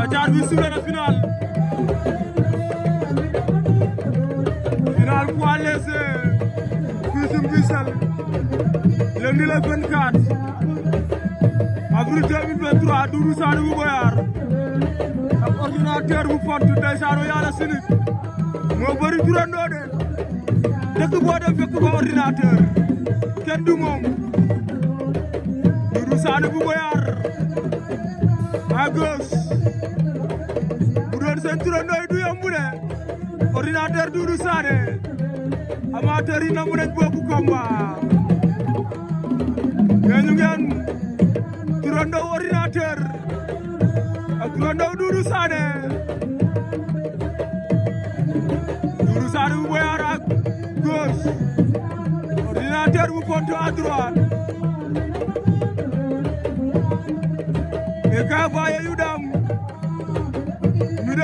a ca arbitre sifflé na final final poids léger fii ci Mbissel lundi le 24 avril 2023 Doudou Sané bu Boyar ak ordinateur bu fort ndeysaan yàlla sinik moo bëri turandoo de dëkk boo dem fekk ko ordinateur kenn du moom Doudou Sané bu Boyar turandoo yi du yomb de ordinateur Doudou Sané amateur yi namu nañ bokku combat ñooñu ngeen turandoo ordinateur ak turandoo Doudou Sané Doudou Sané bu boyaar ak gauche ordinateur bu pontu à droite mais ka baye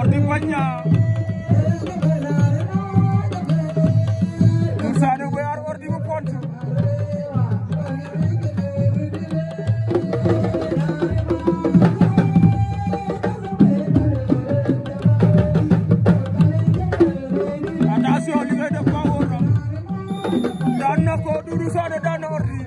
Ordi Pañña Doudou Sané Boy ar Ordi bu Pontu attention li ngay def ba wóor na daan na ko Doudou Sané daan na Ordi